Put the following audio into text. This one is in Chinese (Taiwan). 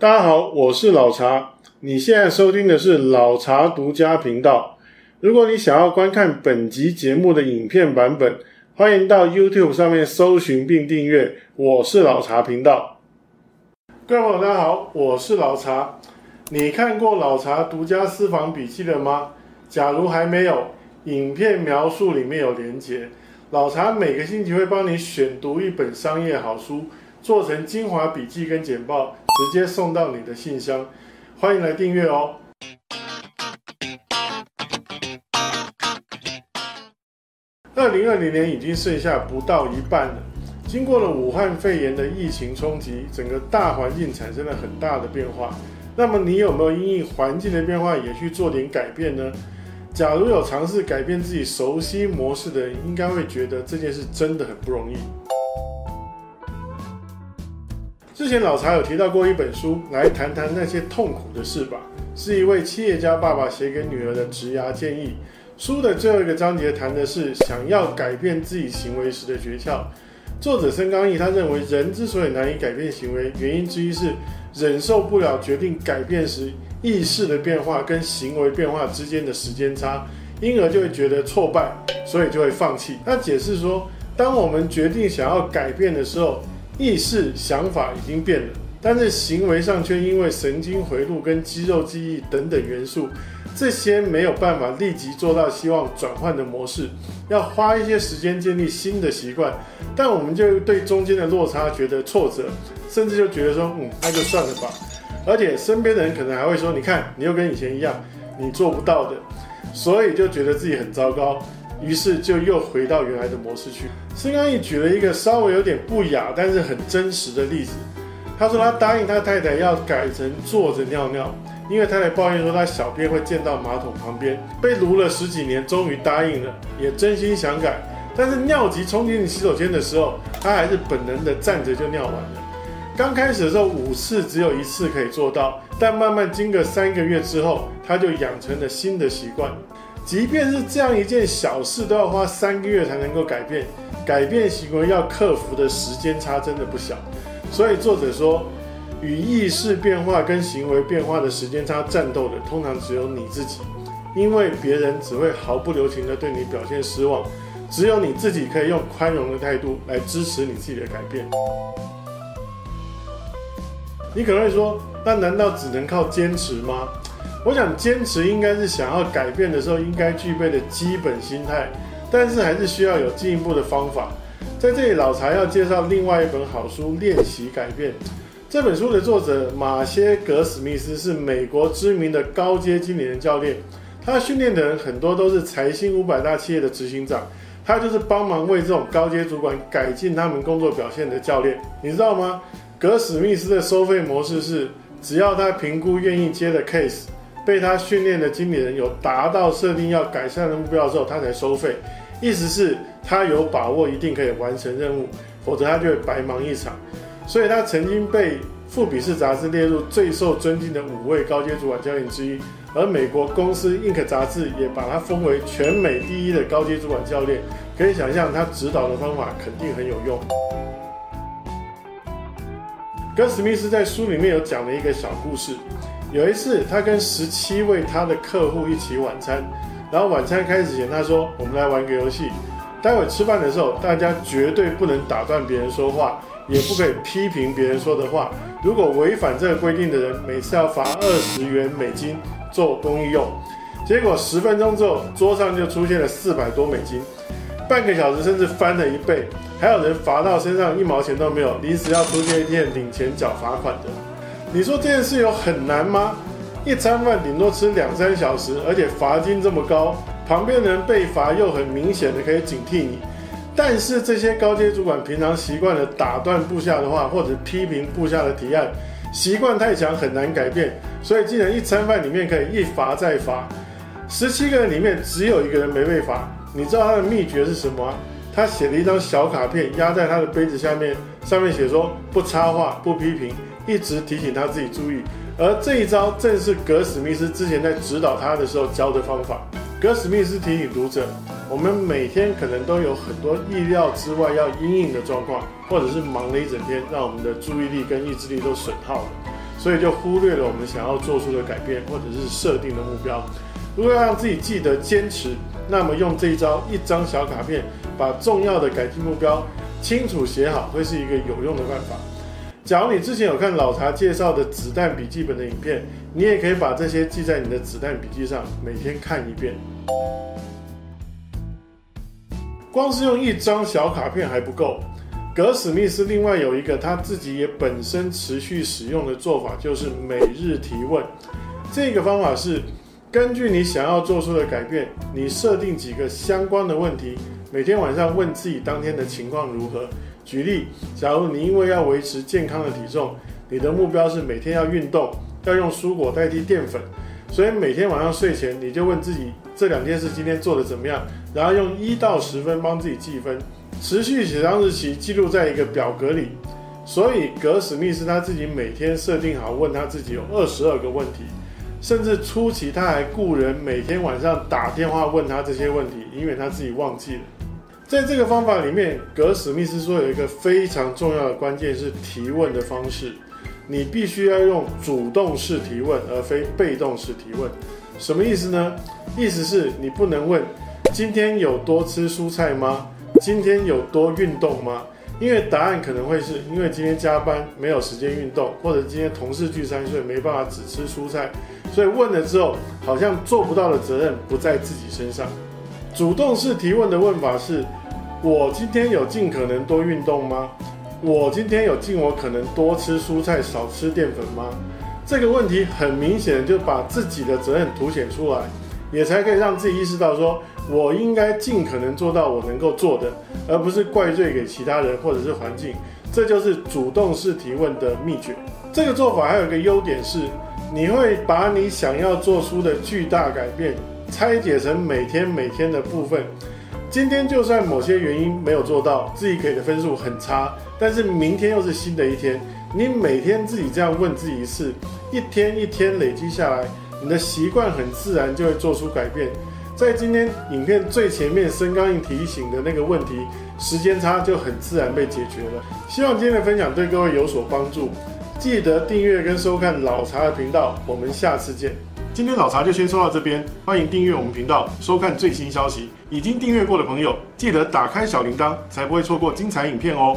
大家好，我是老查。你現在收聽的是老查讀家頻道。如果你想要觀看本集節目的影片版本，歡迎到 YouTube 上面搜尋並訂閱“我是老查頻道”。各位朋友，大家好，我是老查。你看過《老查讀家私房筆記》了嗎？假如還沒有，影片描述裡面有連結。老查每個星期會幫你選讀一本商業好書，做成精華筆記跟簡報。直接送到你的信箱，歡迎來訂閱哦。二零二零年已經剩下不到一半了，經過了武漢肺炎的疫情衝擊，整個大環境產生了很大的變化。那麼你有沒有因應環境的變化也去做點改變呢？假如有嘗試改變自己熟悉模式的人，應該會覺得這件事真的很不容易。之前老查有提到過一本書，來談談那些痛苦的事吧，是一位企業家爸爸寫給女兒的職涯建議。書的最後一個章節談的是想要改變自己行為時的訣竅。作者森岡毅，他認為，人之所以難以改變行為，原因之一是忍受不了決定改變時意識的變化跟行為變化之間的時間差，因而就會覺得挫敗，所以就會放棄。他解釋說，當我們決定想要改變的時候，意識、想法已經變了，但是行為上卻因為神經回路跟肌肉記憶等等元素，這些沒有辦法立即做到希望轉換的模式，要花一些時間建立新的習慣。但我們就對中間的落差覺得挫折，甚至就覺得說，嗯，那就算了吧。而且身邊的人可能還會說，你看你又跟以前一樣，你做不到的，所以就覺得自己很糟糕。於是就又回到原來的模式去。孫剛毅舉了一個稍微有點不雅，但是很真實的例子。他說他答應他太太要改成坐着尿尿，因為太太抱怨說他小便會濺到馬桶旁邊。被擼了十幾年，終於答應了，也真心想改。但是尿急衝進洗手間的時候，他還是本能的站着就尿完了。剛開始的時候，五次只有一次可以做到，但慢慢經過三個月之後，他就養成了新的習慣。即便是這樣一件小事，都要花三個月才能夠改變。改變行為要克服的時間差真的不小，所以作者說，與意識變化跟行為變化的時間差戰鬥的，通常只有你自己，因為別人只會毫不留情的對你表現失望，只有你自己可以用寬容的態度來支持你自己的改變。你可能會說，那難道只能靠堅持嗎？我想堅持應該是想要改變的時候應該具備的基本心態，但是還是需要有進一步的方法。在這裡，老查要介紹另外一本好書《練習改變》。這本書的作者馬歇葛史密斯是美國知名的高階經理人教練，他訓練的人很多都是財星五百大企業的執行長，他就是幫忙為這種高階主管改進他們工作表現的教練。你知道嗎？葛史密斯的收費模式是，只要他評估願意接的 case。因為他訓練的經理人有達到設定要改善的目標之後，他才收費，意思是他有把握一定可以完成任務，否則他就會白忙一場。所以他曾經被《富比士》雜誌列入最受尊敬的五位高階主管教練之一，而美國公司《印 n 雜誌也把他封為全美第一的高階主管教練。可以想象，他指導的方法肯定很有用。哥史密斯在書裡面有講了一個小故事。有一次，他跟十七位他的客戶一起晚餐，然後晚餐開始前，他說：“我們來玩個遊戲，待會吃飯的時候，大家絕對不能打斷別人說話，也不可以批評別人說的話。如果違反這個規定的人，每次要罰二十元美金做公益用。”結果十分鐘之後，桌上就出現了四百多美金，半個小時甚至翻了一倍，還有人罰到身上一毛錢都沒有，臨時要出去店領錢繳罰款的。你說這件事有很難嗎？一餐飯頂多吃兩三小時，而且罰金這麼高，旁邊的人被罰又很明顯的可以警惕你。但是這些高階主管平常習慣了打斷部下的話或者批評部下的提案，習慣太強很難改變。所以，既然一餐飯裡面可以一罰再罰，十七個人裡面只有一個人沒被罰，你知道他的秘訣是什麼啊？他寫了一張小卡片壓在他的杯子下面，上面寫說不插話，不批評。一直提醒他自己注意，而這一招正是葛史密斯之前在指導他的時候教的方法。葛史密斯提醒讀者，我們每天可能都有很多意料之外要因應的狀況，或者是忙了一整天，讓我們的注意力跟意志力都損耗了，所以就忽略了我們想要做出的改變或者是設定的目標。如果要讓自己記得堅持，那麼用這一招，一張小卡片，把重要的改進目標清楚寫好，會是一個有用的辦法。假如你之前有看老查介紹的子彈筆記本的影片，你也可以把這些記在你的子彈筆記上，每天看一遍。光是用一張小卡片還不夠，葛史密斯另外有一個他自己也本身持續使用的做法，就是每日提問。這個方法是根據你想要做出的改變，你設定幾個相關的問題，每天晚上問自己當天的情況如何。舉例，假如你因為要維持健康的體重，你的目標是每天要運動，要用蔬果代替澱粉，所以每天晚上睡前你就問自己這兩件事今天做的怎麼樣，然後用一到十分幫自己計分，持續寫上日期記錄在一個表格裡。所以葛史密斯他自己每天設定好問他自己有二十二個問題，甚至初期他還雇人每天晚上打電話問他這些問題，因為他自己忘記了。在這個方法裡面，葛史密斯說有一個非常重要的關鍵是提問的方式，你必須要用主動式提問，而非被動式提問。什麼意思呢？意思是你不能問今天有多吃蔬菜嗎？今天有多運動嗎？因為答案可能會是因為今天加班沒有時間運動，或者今天同事聚餐所以沒辦法只吃蔬菜，所以問了之後好像做不到的責任不在自己身上。主動式提問的問法是。我今天有盡可能多運動嗎？我今天有盡我可能多吃蔬菜、少吃澱粉嗎？這個問題很明顯的就把自己的責任凸顯出來，也才可以讓自己意識到，說我應該盡可能做到我能夠做的，而不是怪罪給其他人或者是環境。這就是主動式提問的祕訣。這個做法還有一個優點是，你會把你想要做出的巨大改變拆解成每天每天的部分。今天就算某些原因沒有做到，自己給的分數很差，但是明天又是新的一天。你每天自己這樣問自己一次，一天一天累積下來，你的習慣很自然就會做出改變。在今天影片最前面，聲鋼硬提醒的那個問題，時間差就很自然被解決了。希望今天的分享對各位有所幫助，記得訂閱跟收看老查的頻道，我們下次見。今天老查就先說到這邊，歡迎訂閱我們頻道，收看最新消息。已經訂閱過的朋友，記得打開小鈴鐺，才不會錯過精彩影片哦。